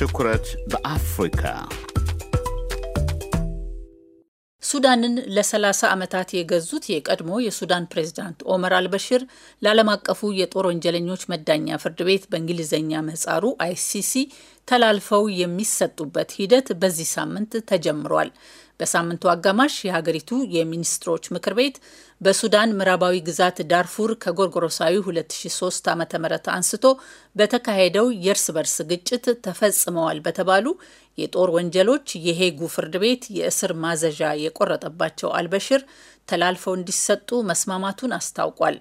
ትኩረት በአፍሪካ ሱዳንን ለ30 ዓመታት የገዙት የቀድሞ የሱዳን ፕሬዝዳንት ኦመር አልበሽር ለዓለም አቀፉ የጦር ወንጀለኞች መዳኛ ፍርድ ቤት በእንግሊዝኛ ምህጻሩ አይሲሲ ተላልፈው የሚሰጡበት ሂደት በዚህ ሳምንት ተጀምሯል። በሳምንቱ አጋማሽ የሀገሪቱ የሚኒስትሮች ምክር ቤት በሱዳን ምዕራባዊ ግዛት ዳርፉር ከጎርጎሮሳዊ 2003 ዓ ም አንስቶ በተካሄደው የእርስ በርስ ግጭት ተፈጽመዋል በተባሉ የጦር ወንጀሎች የሄጉ ፍርድ ቤት የእስር ማዘዣ የቆረጠባቸው አልበሽር ተላልፈው እንዲሰጡ መስማማቱን አስታውቋል።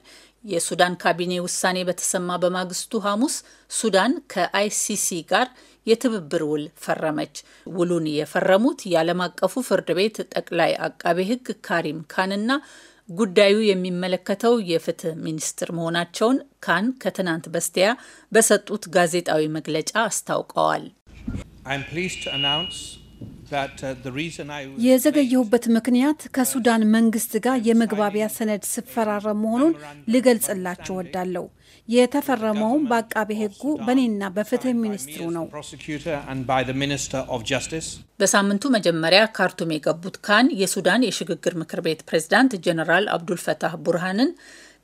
የሱዳን ካቢኔ ውሳኔ በተሰማ በማግስቱ ሐሙስ ሱዳን ከአይሲሲ ጋር የትብብር ውል ፈረመች። ውሉን የፈረሙት የዓለም አቀፉ ፍርድ ቤት ጠቅላይ አቃቤ ሕግ ካሪም ካንና ጉዳዩ የሚመለከተው የፍትህ ሚኒስትር መሆናቸውን ካን ከትናንት በስቲያ በሰጡት ጋዜጣዊ መግለጫ አስታውቀዋል። Uh, የዘገየሁበት ምክንያት ከሱዳን uh, መንግስት ጋር የመግባቢያ ሰነድ ስፈራረም መሆኑን ልገልጽላችሁ ወዳለሁ። የተፈረመውም በአቃቤ ሕጉ በእኔና በፍትህ ሚኒስትሩ ነው። በሳምንቱ መጀመሪያ ካርቱም የገቡት ካን የሱዳን የሽግግር ምክር ቤት ፕሬዝዳንት ጀነራል አብዱልፈታህ ቡርሃንን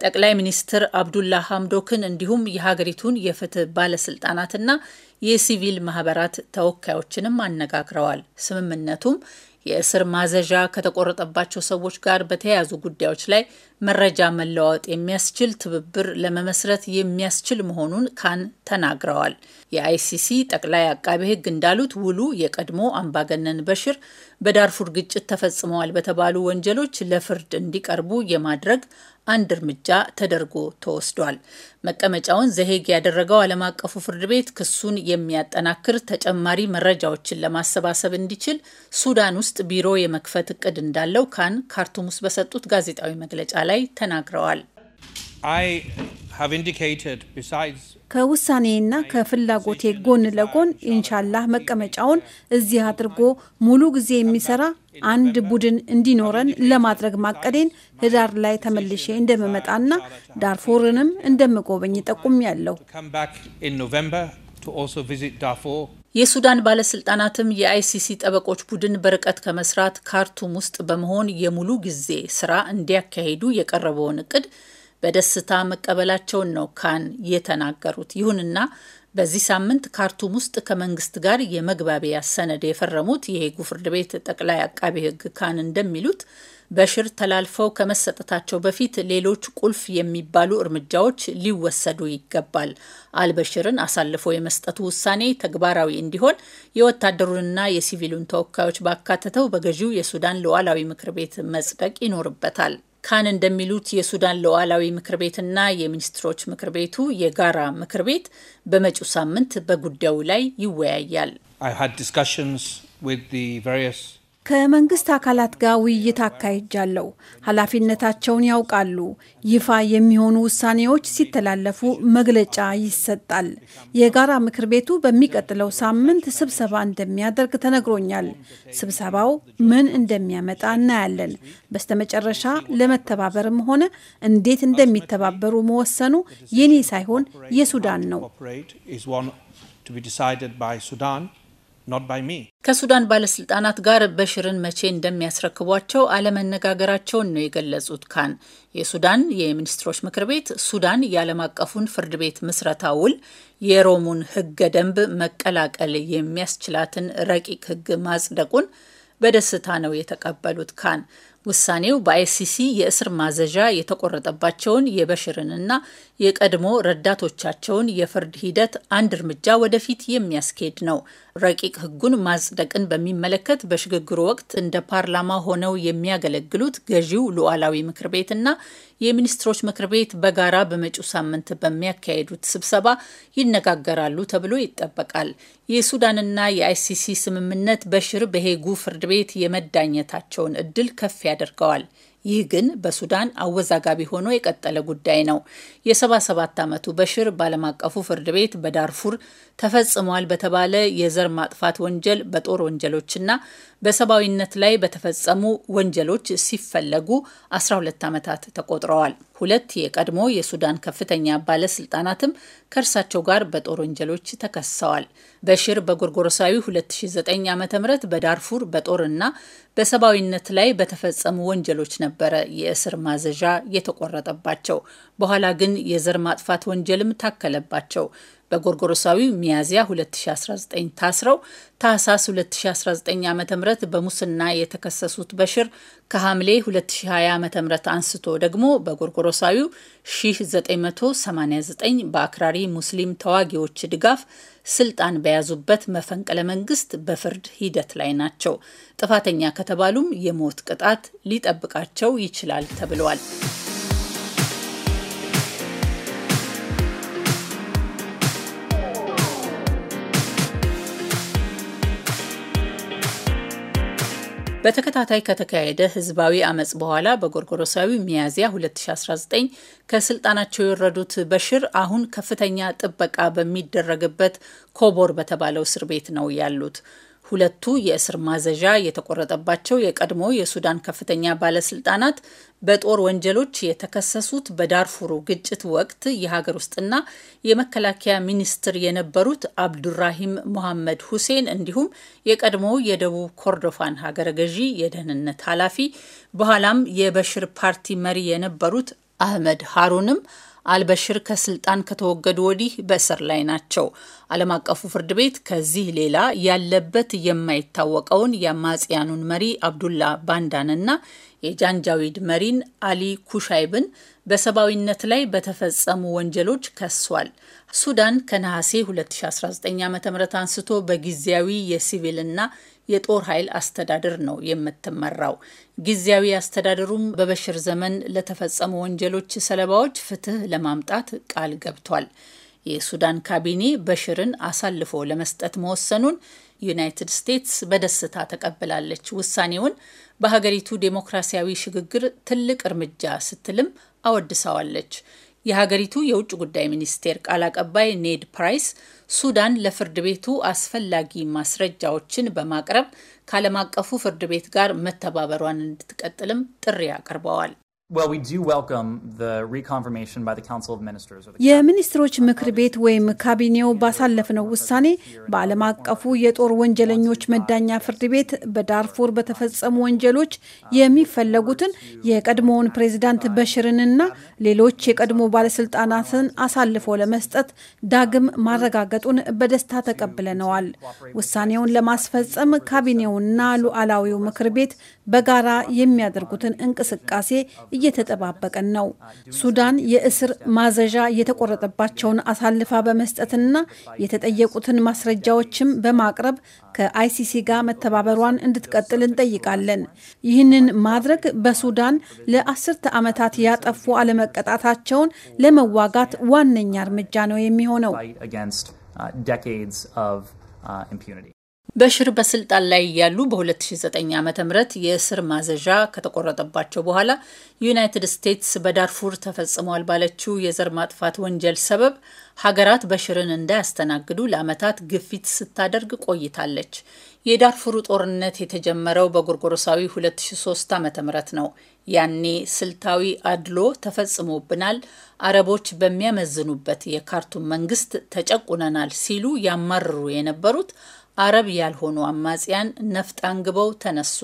ጠቅላይ ሚኒስትር አብዱላ ሀምዶክን እንዲሁም የሀገሪቱን የፍትህ ባለስልጣናትና የሲቪል ማህበራት ተወካዮችንም አነጋግረዋል። ስምምነቱም የእስር ማዘዣ ከተቆረጠባቸው ሰዎች ጋር በተያያዙ ጉዳዮች ላይ መረጃ መለዋወጥ የሚያስችል ትብብር ለመመስረት የሚያስችል መሆኑን ካን ተናግረዋል። የአይሲሲ ጠቅላይ አቃቤ ሕግ እንዳሉት ውሉ የቀድሞ አምባገነን በሽር በዳርፉር ግጭት ተፈጽመዋል በተባሉ ወንጀሎች ለፍርድ እንዲቀርቡ የማድረግ አንድ እርምጃ ተደርጎ ተወስዷል። መቀመጫውን ዘሄግ ያደረገው ዓለም አቀፉ ፍርድ ቤት ክሱን የሚያጠናክር ተጨማሪ መረጃዎችን ለማሰባሰብ እንዲችል ሱዳን ውስጥ ቢሮ የመክፈት እቅድ እንዳለው ካን ካርቱም ውስጥ በሰጡት ጋዜጣዊ መግለጫ ላይ ተናግረዋል። ከውሳኔና ከፍላጎቴ ጎን ለጎን ኢንሻላህ መቀመጫውን እዚህ አድርጎ ሙሉ ጊዜ የሚሰራ አንድ ቡድን እንዲኖረን ለማድረግ ማቀዴን ህዳር ላይ ተመልሼ እንደምመጣና ዳርፎርንም እንደምጎበኝ ጠቁም ያለው የሱዳን ባለስልጣናትም የአይሲሲ ጠበቆች ቡድን በርቀት ከመስራት ካርቱም ውስጥ በመሆን የሙሉ ጊዜ ስራ እንዲያካሂዱ የቀረበውን እቅድ በደስታ መቀበላቸውን ነው ካን የተናገሩት። ይሁንና በዚህ ሳምንት ካርቱም ውስጥ ከመንግስት ጋር የመግባቢያ ሰነድ የፈረሙት የሄጉ ፍርድ ቤት ጠቅላይ አቃቤ ሕግ ካን እንደሚሉት በሽር ተላልፈው ከመሰጠታቸው በፊት ሌሎች ቁልፍ የሚባሉ እርምጃዎች ሊወሰዱ ይገባል። አልበሽርን አሳልፎ የመስጠቱ ውሳኔ ተግባራዊ እንዲሆን የወታደሩንና የሲቪሉን ተወካዮች ባካተተው በገዢው የሱዳን ሉዓላዊ ምክር ቤት መጽደቅ ይኖርበታል። ካን እንደሚሉት የሱዳን ሉዓላዊ ምክር ቤትና የሚኒስትሮች ምክር ቤቱ የጋራ ምክር ቤት በመጪው ሳምንት በጉዳዩ ላይ ይወያያል። ከመንግስት አካላት ጋር ውይይት አካሂጃለሁ። ኃላፊነታቸውን ያውቃሉ። ይፋ የሚሆኑ ውሳኔዎች ሲተላለፉ መግለጫ ይሰጣል። የጋራ ምክር ቤቱ በሚቀጥለው ሳምንት ስብሰባ እንደሚያደርግ ተነግሮኛል። ስብሰባው ምን እንደሚያመጣ እናያለን። በስተመጨረሻ ለመተባበርም ሆነ እንዴት እንደሚተባበሩ መወሰኑ የኔ ሳይሆን የሱዳን ነው። ከሱዳን ባለስልጣናት ጋር በሽርን መቼ እንደሚያስረክቧቸው አለመነጋገራቸውን ነው የገለጹት። ካን የሱዳን የሚኒስትሮች ምክር ቤት ሱዳን የዓለም አቀፉን ፍርድ ቤት ምስረታ ውል የሮሙን ህገ ደንብ መቀላቀል የሚያስችላትን ረቂቅ ህግ ማጽደቁን በደስታ ነው የተቀበሉት። ካን ውሳኔው በአይሲሲ የእስር ማዘዣ የተቆረጠባቸውን የበሽርንና የቀድሞ ረዳቶቻቸውን የፍርድ ሂደት አንድ እርምጃ ወደፊት የሚያስኬድ ነው። ረቂቅ ሕጉን ማጽደቅን በሚመለከት በሽግግሩ ወቅት እንደ ፓርላማ ሆነው የሚያገለግሉት ገዢው ሉዓላዊ ምክር ቤትና የሚኒስትሮች ምክር ቤት በጋራ በመጪው ሳምንት በሚያካሄዱት ስብሰባ ይነጋገራሉ ተብሎ ይጠበቃል። የሱዳንና የአይሲሲ ስምምነት በሽር በሄጉ ፍርድ ቤት የመዳኘታቸውን እድል ከፍ ያደርገዋል። ይህ ግን በሱዳን አወዛጋቢ ሆኖ የቀጠለ ጉዳይ ነው። የ77 ዓመቱ በሽር በዓለም አቀፉ ፍርድ ቤት በዳርፉር ተፈጽሟል በተባለ የዘር ማጥፋት ወንጀል፣ በጦር ወንጀሎችና በሰብአዊነት ላይ በተፈጸሙ ወንጀሎች ሲፈለጉ 12 ዓመታት ተቆጥረዋል። ሁለት የቀድሞ የሱዳን ከፍተኛ ባለስልጣናትም ከእርሳቸው ጋር በጦር ወንጀሎች ተከሰዋል። በሽር በጎርጎሮሳዊ 2009 ዓ ም በዳርፉር በጦርና በሰብአዊነት ላይ በተፈጸሙ ወንጀሎች ነበረ የእስር ማዘዣ የተቆረጠባቸው። በኋላ ግን የዘር ማጥፋት ወንጀልም ታከለባቸው። በጎርጎሮሳዊ ሚያዝያ 2019 ታስረው ታህሳስ 2019 ዓ ም በሙስና የተከሰሱት በሽር ከሐምሌ 2020 ዓ ም አንስቶ ደግሞ በጎርጎሮሳዊው 1989 በአክራሪ ሙስሊም ተዋጊዎች ድጋፍ ስልጣን በያዙበት መፈንቅለ መንግስት በፍርድ ሂደት ላይ ናቸው። ጥፋተኛ ከተባሉም የሞት ቅጣት ሊጠብቃቸው ይችላል ተብለዋል። በተከታታይ ከተካሄደ ህዝባዊ አመፅ በኋላ በጎርጎሮሳዊ ሚያዝያ 2019 ከስልጣናቸው የወረዱት በሽር አሁን ከፍተኛ ጥበቃ በሚደረግበት ኮቦር በተባለው እስር ቤት ነው ያሉት። ሁለቱ የእስር ማዘዣ የተቆረጠባቸው የቀድሞ የሱዳን ከፍተኛ ባለስልጣናት በጦር ወንጀሎች የተከሰሱት በዳርፉሩ ግጭት ወቅት የሀገር ውስጥና የመከላከያ ሚኒስትር የነበሩት አብዱራሂም ሙሐመድ ሁሴን እንዲሁም የቀድሞ የደቡብ ኮርዶፋን ሀገረ ገዢ የደህንነት ኃላፊ በኋላም የበሽር ፓርቲ መሪ የነበሩት አህመድ ሃሩንም አልበሽር ከስልጣን ከተወገዱ ወዲህ በእስር ላይ ናቸው። ዓለም አቀፉ ፍርድ ቤት ከዚህ ሌላ ያለበት የማይታወቀውን የአማጽያኑን መሪ አብዱላ ባንዳንና የጃንጃዊድ መሪን አሊ ኩሻይብን በሰብአዊነት ላይ በተፈጸሙ ወንጀሎች ከሷል። ሱዳን ከነሐሴ 2019 ዓ ም አንስቶ በጊዜያዊ የሲቪልና የጦር ኃይል አስተዳደር ነው የምትመራው። ጊዜያዊ አስተዳደሩም በበሽር ዘመን ለተፈጸሙ ወንጀሎች ሰለባዎች ፍትህ ለማምጣት ቃል ገብቷል። የሱዳን ካቢኔ በሽርን አሳልፎ ለመስጠት መወሰኑን ዩናይትድ ስቴትስ በደስታ ተቀብላለች። ውሳኔውን በሀገሪቱ ዴሞክራሲያዊ ሽግግር ትልቅ እርምጃ ስትልም አወድሰዋለች። የሀገሪቱ የውጭ ጉዳይ ሚኒስቴር ቃል አቀባይ ኔድ ፕራይስ ሱዳን ለፍርድ ቤቱ አስፈላጊ ማስረጃዎችን በማቅረብ ከዓለም አቀፉ ፍርድ ቤት ጋር መተባበሯን እንድትቀጥልም ጥሪ አቅርበዋል። የሚኒስትሮች ምክር ቤት ወይም ካቢኔው ባሳለፍነው ውሳኔ በዓለም አቀፉ የጦር ወንጀለኞች መዳኛ ፍርድ ቤት በዳርፎር በተፈጸሙ ወንጀሎች የሚፈለጉትን የቀድሞውን ፕሬዚዳንት በሽርንና ሌሎች የቀድሞ ባለስልጣናትን አሳልፎ ለመስጠት ዳግም ማረጋገጡን በደስታ ተቀብለነዋል። ውሳኔውን ለማስፈጸም ካቢኔውና ሉዓላዊው ምክር ቤት በጋራ የሚያደርጉትን እንቅስቃሴ እየተጠባበቀን ነው። ሱዳን የእስር ማዘዣ የተቆረጠባቸውን አሳልፋ በመስጠትና የተጠየቁትን ማስረጃዎችም በማቅረብ ከአይሲሲ ጋር መተባበሯን እንድትቀጥል እንጠይቃለን። ይህንን ማድረግ በሱዳን ለአስርተ ዓመታት ያጠፉ አለመቀጣታቸውን ለመዋጋት ዋነኛ እርምጃ ነው የሚሆነው። በሽር በስልጣን ላይ ያሉ በ2009 ዓ ም የእስር ማዘዣ ከተቆረጠባቸው በኋላ ዩናይትድ ስቴትስ በዳርፉር ተፈጽሟል ባለችው የዘር ማጥፋት ወንጀል ሰበብ ሀገራት በሽርን እንዳያስተናግዱ ለዓመታት ግፊት ስታደርግ ቆይታለች። የዳርፉሩ ጦርነት የተጀመረው በጎርጎሮሳዊ 2003 ዓ ም ነው። ያኔ ስልታዊ አድሎ ተፈጽሞብናል፣ አረቦች በሚያመዝኑበት የካርቱም መንግስት ተጨቁነናል ሲሉ ያማርሩ የነበሩት አረብ ያልሆኑ አማጽያን ነፍጥ አንግበው ተነሱ።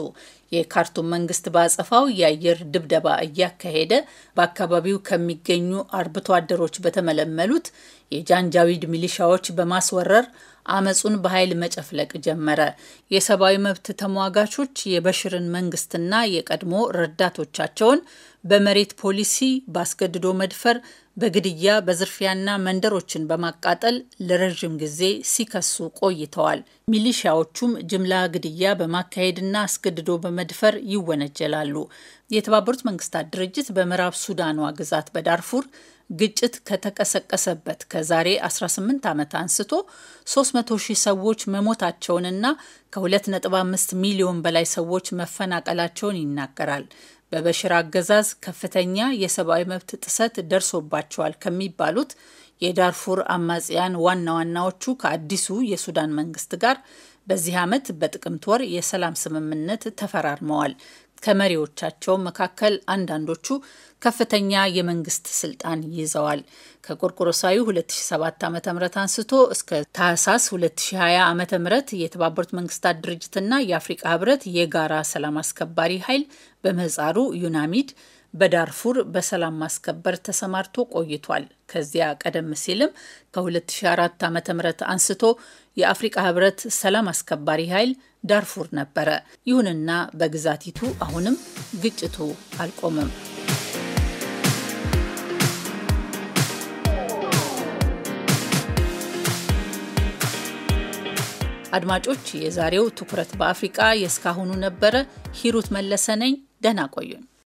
የካርቱም መንግስት በአጸፋው የአየር ድብደባ እያካሄደ በአካባቢው ከሚገኙ አርብቶ አደሮች በተመለመሉት የጃንጃዊድ ሚሊሻዎች በማስወረር አመጹን በኃይል መጨፍለቅ ጀመረ። የሰብአዊ መብት ተሟጋቾች የበሽርን መንግስትና የቀድሞ ረዳቶቻቸውን በመሬት ፖሊሲ፣ በአስገድዶ መድፈር፣ በግድያ በዝርፊያና መንደሮችን በማቃጠል ለረዥም ጊዜ ሲከሱ ቆይተዋል። ሚሊሺያዎቹም ጅምላ ግድያ በማካሄድና አስገድዶ በመድፈር ይወነጀላሉ። የተባበሩት መንግስታት ድርጅት በምዕራብ ሱዳኗ ግዛት በዳርፉር ግጭት ከተቀሰቀሰበት ከዛሬ 18 ዓመት አንስቶ 300 ሺህ ሰዎች መሞታቸውንና ከ2.5 ሚሊዮን በላይ ሰዎች መፈናቀላቸውን ይናገራል። በበሽር አገዛዝ ከፍተኛ የሰብአዊ መብት ጥሰት ደርሶባቸዋል ከሚባሉት የዳርፉር አማጽያን ዋና ዋናዎቹ ከአዲሱ የሱዳን መንግስት ጋር በዚህ ዓመት በጥቅምት ወር የሰላም ስምምነት ተፈራርመዋል። ከመሪዎቻቸው መካከል አንዳንዶቹ ከፍተኛ የመንግስት ስልጣን ይዘዋል። ከቆርቆሮሳዊ 2007 ዓ ም አንስቶ እስከ ታህሳስ 2020 ዓ ም የተባበሩት መንግስታት ድርጅትና የአፍሪቃ ህብረት የጋራ ሰላም አስከባሪ ኃይል በምህፃሩ ዩናሚድ በዳርፉር በሰላም ማስከበር ተሰማርቶ ቆይቷል። ከዚያ ቀደም ሲልም ከ2004 ዓ ም አንስቶ የአፍሪቃ ህብረት ሰላም አስከባሪ ኃይል ዳርፉር ነበረ። ይሁንና በግዛቲቱ አሁንም ግጭቱ አልቆምም። አድማጮች፣ የዛሬው ትኩረት በአፍሪቃ የእስካሁኑ ነበረ። ሂሩት መለሰ ነኝ። ደህና ቆዩን።